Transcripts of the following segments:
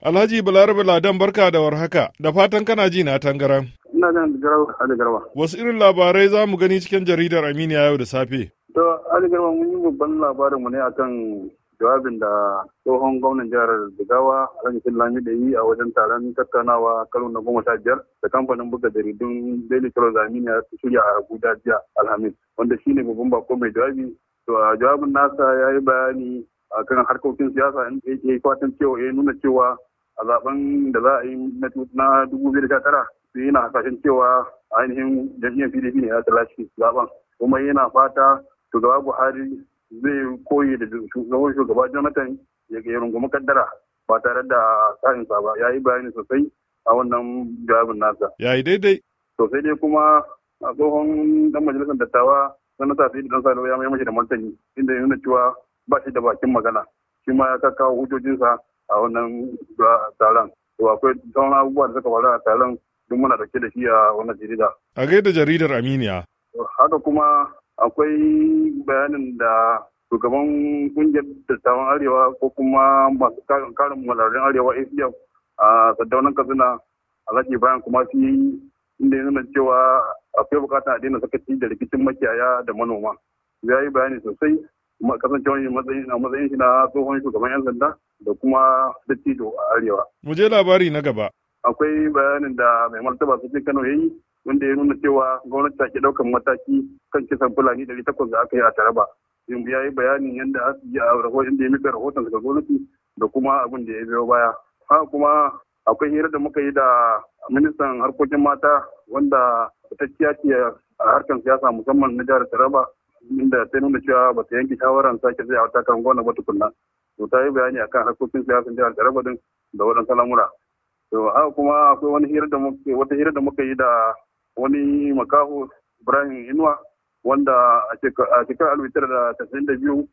Alhaji Balarabe Ladan barka da warhaka, da fatan kana ji na tangaran. Ina jan aligarwa. Wasu irin labarai za mu gani cikin jaridar Aminiya yau da safe? To, aligarwa mun yi babban labarin mu ne akan jawabin da tsohon gwamnan jihar Jigawa Alhaji Lami da yi a wajen taron tattaunawa karo na goma sha biyar da kamfanin buga jaridun Daily Trust Aminiya su shirya a Abuja jiya Alhamis, wanda shine babban bako mai jawabi. To, a jawabin nasa ya yi bayani a kan harkokin siyasa ya yi fatan cewa ya nuna cewa a zaben da za a yi na dubu biyu da tara sai yana hasashen cewa ainihin jam'iyyar pdp ne ya ta zaben kuma yana fata shugaba buhari zai koyi da shugaban shugaba jonathan ya rungumi kaddara ba tare da sa'insa ba ya yi bayani sosai a wannan jawabin nasa ya yi daidai sosai dai kuma a tsohon dan majalisar dattawa sanata sai dan salo ya mai mashi da martani inda ya nuna cewa ba shi da bakin magana shi ma ya kakkawo hujjojinsa a wannan taron to akwai sauran abubuwa da suka faru a taron duk muna dauke da shi a wannan jarida a gaida jaridar aminiya haka kuma akwai bayanin da shugaban kungiyar dattawan arewa ko kuma masu karin karin malarin arewa acf a saddaunan katsina alhaji bayan kuma su inda ya nuna cewa akwai bukatar a daina sakaci da rikicin makiyaya da manoma ya yi bayani sosai kasancewar matsayin shi na tsohon shugaban yan sanda da kuma dattijo a arewa. Mu je labari na gaba. Akwai bayanin da mai martaba sarkin Kano ya yi wanda ya nuna cewa gwamnati ta ke ɗaukan mataki kan kisan Fulani ɗari takwas da aka yi a Taraba. Yanzu ya yi bayanin yadda a rahoton da ya mika rahoton daga gwamnati da kuma abin da ya biyo baya. Haka kuma akwai hira da muka yi da ministan harkokin mata wanda fitacciya ce a harkar siyasa musamman na jihar Taraba inda sai nuna cewa ba ta yanke shawaran sake zai a kan gwamna ba tukunna to ta yi bayani akan harkokin siyasan jihar Jarabadin da waɗansu lamura to haka kuma akwai wani hira da muke wata hira da muka yi da wani makaho Ibrahim Inuwa wanda a shekarar alif tara da tasirin da biyu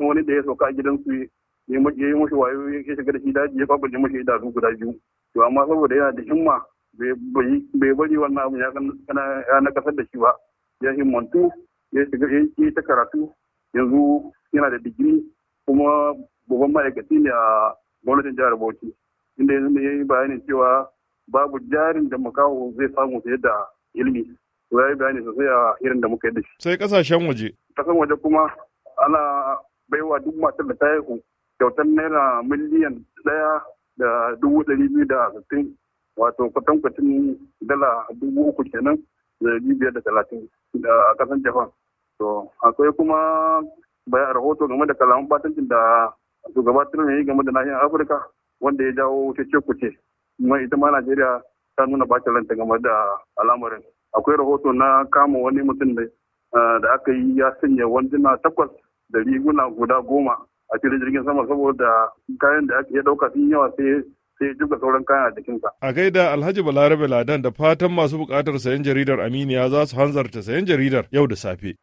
wani da ya sauka a gidansu ya yi mashi wayo ya shiga da shi daji ya kwakwalce mashi idanu guda biyu to amma saboda yana da himma bai bari wannan abin ya na kasar da shi ba ya himmantu ya shiga ta karatu yanzu yana da digiri kuma babban ma'aikaci ne a gwamnatin jihar Bauchi inda yanzu ya yi bayanin cewa babu jarin da makaho zai samu fiye da ilimi ya yi bayani sosai a irin da muka yi da Sai kasashen waje. Kasan waje kuma ana baiwa duk matar da ta haihu kyautar naira miliyan ɗaya da dubu ɗari biyu da sittin wato kwatankwacin dala dubu uku kenan biyar da talatin a kasan japan to akwai kuma bayan rahoto game da kalaman batancin da shugaba trump ya yi game da nahiyar afirka wanda ya jawo ku kuce kuma ita ma najeriya ta nuna bacin ranta game da al'amarin akwai rahoto na kama wani mutum ne da aka yi ya sanya wanduna takwas da riguna guda goma a filin jirgin sama saboda kayan da ake ya dauka sun yawa sai sai duka sauran kayan a sa. A gaida Alhaji Balarabe Ladan da fatan masu bukatar sayan jaridar Aminiya za su hanzarta sayan jaridar yau da safe.